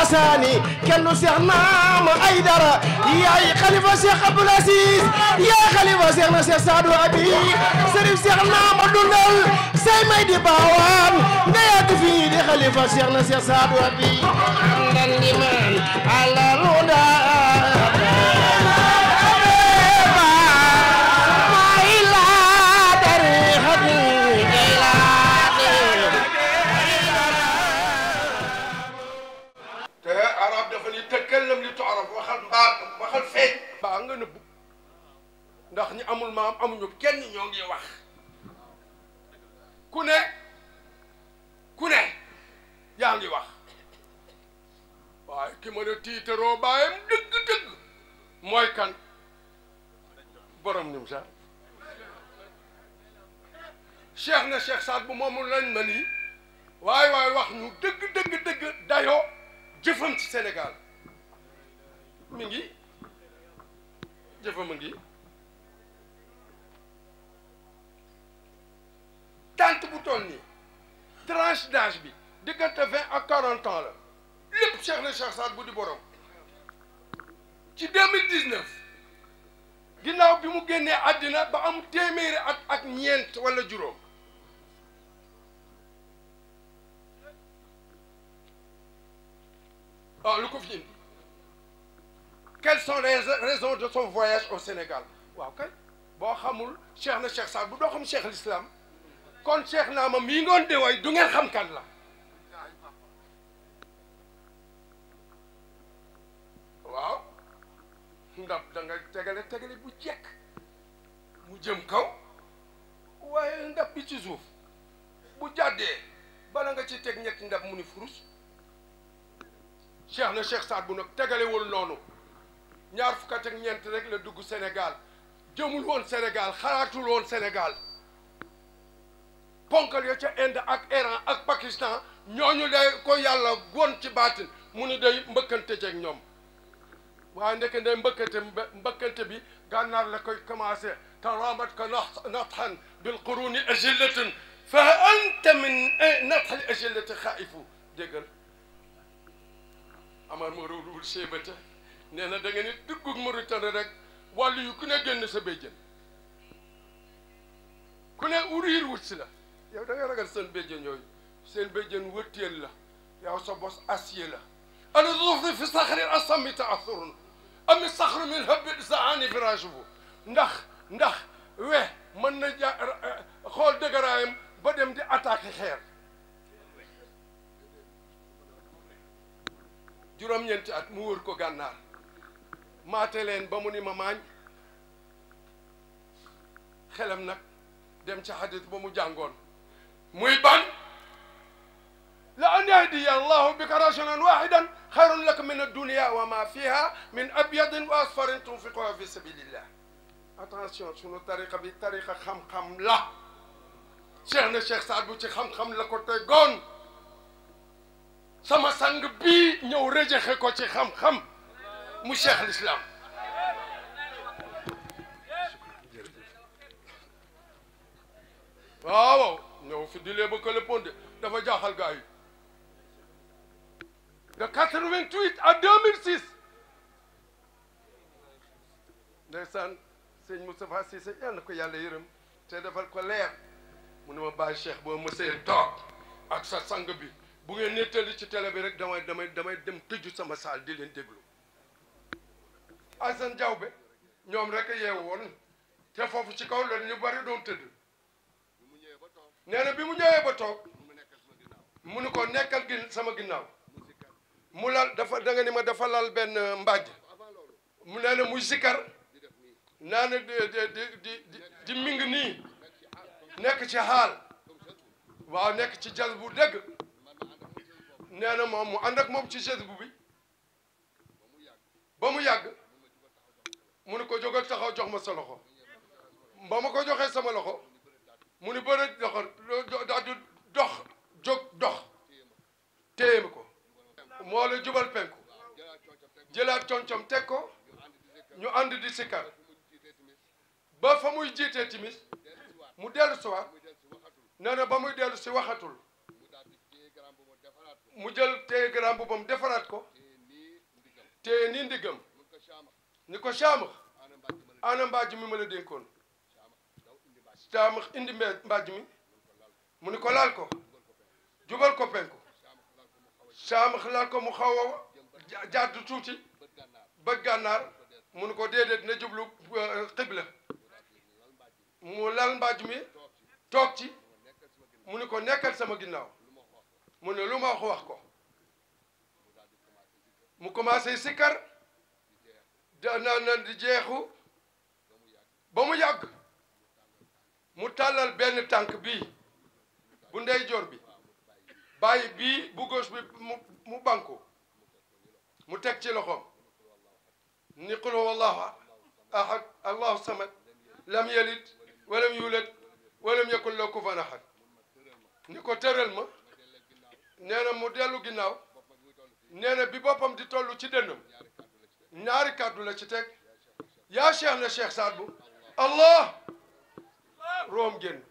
Xasaani kennu Seex Maama Aydara yaay xalifa Seex Abdul Asiis yaay xalifa Seex na Seex Saadu Abi Sëriñ Seex Maama dundal say may di baawaan nga yàgg fi di xalifa Seex na Seex Saadu Abi kenn ñoo ngi wax ku ne ku ne yaa ngi wax waaye ki mën a tiitaroo baayam dëgg-dëgg mooy kan borom nim sa cheikh na cheikh saat bu moomul lañ ma nii waaye wax ñu dëgg dëgg dëgg dayoo jëfam ci Sénégal mi ngi jëfam a ngi jant bu toll nii tranche d'âge bi diggante vingt à quarante ans la lépp Cheikh na Cheikh Saad bu di borom ci deux mille dix neuf ginnaaw bi mu génnee àddina ba am téeméeri at ak ñeent wala juróom ah lu ko fi indi quelles sont les raisons de son voyage au Sénégal waaw kay boo xamul Cheikh na Cheikh Saad bu doo xam Cheikh l'Islam kon Cheikh naa ma mii ngoon de way du ngeen xam kan la waaw ndax da tegale tegale bu jekk mu jëm kaw waaye ndab bi ci suuf bu jàddee bala nga ci teg ñetti ndab mu ni furus cheikh na cheikh Saad bu nag tegalewul noonu ñaar fukk ak ñeent rek la dugg Sénégal jëmul woon Sénégal xalaatul woon Sénégal ponkal yo ci Inde ak Iran ak Pakistan ñoñu lay ko yàlla gon ci batin mu ni day mbeukante ci ak ñom waaye ndek ndey mbëkkante mbeukante bi gànnaar la koy commencer taramat ka nathan bil qurun ajillatin fa anta min nath al ajlat khaifu degal amar mo rool séebata nee na da nga ni duggug Mauritanie rek walu yu ku ne génn sa bejeen ku ne uriir wut si la yow da ngay ragal seen béjjén yooyu seen béjjén wëtteel la yow sa bos acier la ana zuxri fi saxrin asami taassurun ami saxru min habbi saani firajubu ndax ndax we mën na ja xool dëgëraayam ba dem di attaqué xeer juróom-ñeenti at mu wër ko gànnaar maate leen ba mu ni ma maañ xelam nag dem ca xadis ba mu jàngoon لا لأن يهدي الله بك رجلا واحدا خير لك من الدنيا وما فيها من أبيض وأصفر تنفقها في سبيل الله attention شنو الطريقة بالطريقة خم خم لا شيخنا الشيخ سعد بوتي خم خم لا كورتي غون سما سانغ بي نيو رجي خيكو تي خم خم مو شيخ الاسلام واو su dilee ba Kelle dafa jaaxal gars yi de 88 à 2006 ndeysaan sëñ Moustapha Cissé yal na ko yàlla yërëm te defal ko leer mu ne ma bàyyi Cheikh boo mësee toog ak sa sang bi bu ngeen nettali ci télé bi rek damay damay damay dem tëju sama saal di leen déglu Assane Diaw be ñoom rek yeewu woon te foofu ci kaw la ñu bari doon tëdd. nee na bi mu ñëwee ba toog mu ni ko nekkal gi sama ginnaaw mu lal dafa da nga ni ma dafa lal benn mbàjj mu nee na naa na di di di di ming nii nekk ci xaal waaw nekk ci jaz bu dëgg na moom mu ànd ak moom ci jaz bu bi ba mu yàgg mu ne ko jógal taxaw jox ma sa loxo ba ma ko joxee sama loxo mu ni bëri doxal daal di dox jóg dox téye ko moo jubal penku jëlaat concom teg ko ñu ànd di sikkar ba fa muy jiitee timis mu dellu si waat nee ba muy dellu si waxatul mu jël téye garaam bu defaraat ko téye nii ndiggam ni ko caamax ana mbaaj mi ma la dénkoon caama indi mbàjj mu ni ko laal ko jubal ko mu xaw a jàdd tuuti ba gànnaar mu ni ko déedéet na jublu euh, xibla mu lal mbàjj mi toog ci mu ni ko sama ginnaaw mu ne lu ma wax wax ko mu commencé sikkar da naan di jeexu ba mu yàgg mu tàllal benn tànk bii bu ndeyjoor bi bàyyi bii bu gauche bi mu mu banko mu teg ci loxoom ni qul huwa ahad allahu samad lam yalid walam yulad walam yakun lahu kufuwan ahad ni ko tëral ma nee na mu dellu ginnaaw nee bi boppam di toll ci dënnam ñaari kàddu la ci teg yaa cheikh na cheikh Saad Bou allah room génn